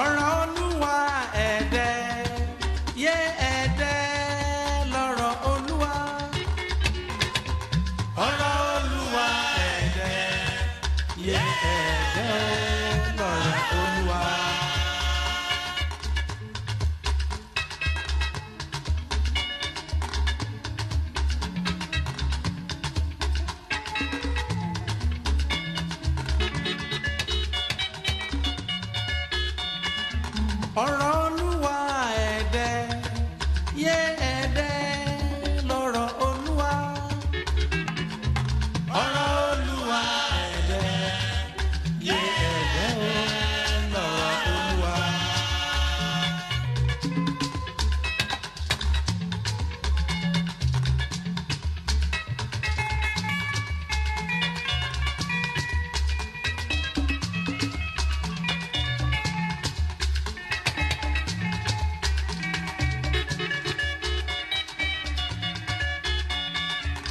ọ̀rọ̀ olúwa ẹ̀ẹ́dẹ́ yé ẹ̀ẹ́dẹ́ lọ́rọ̀ olúwa. ọ̀rọ̀ olúwa ẹ̀ẹ́dẹ́ yé ẹ̀ẹ́dẹ́ lọ́rọ̀ olúwa.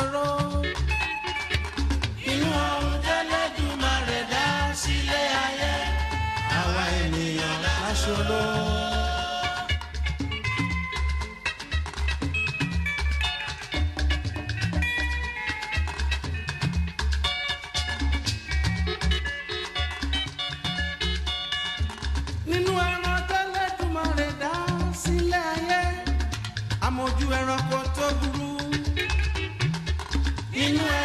your own. You are. in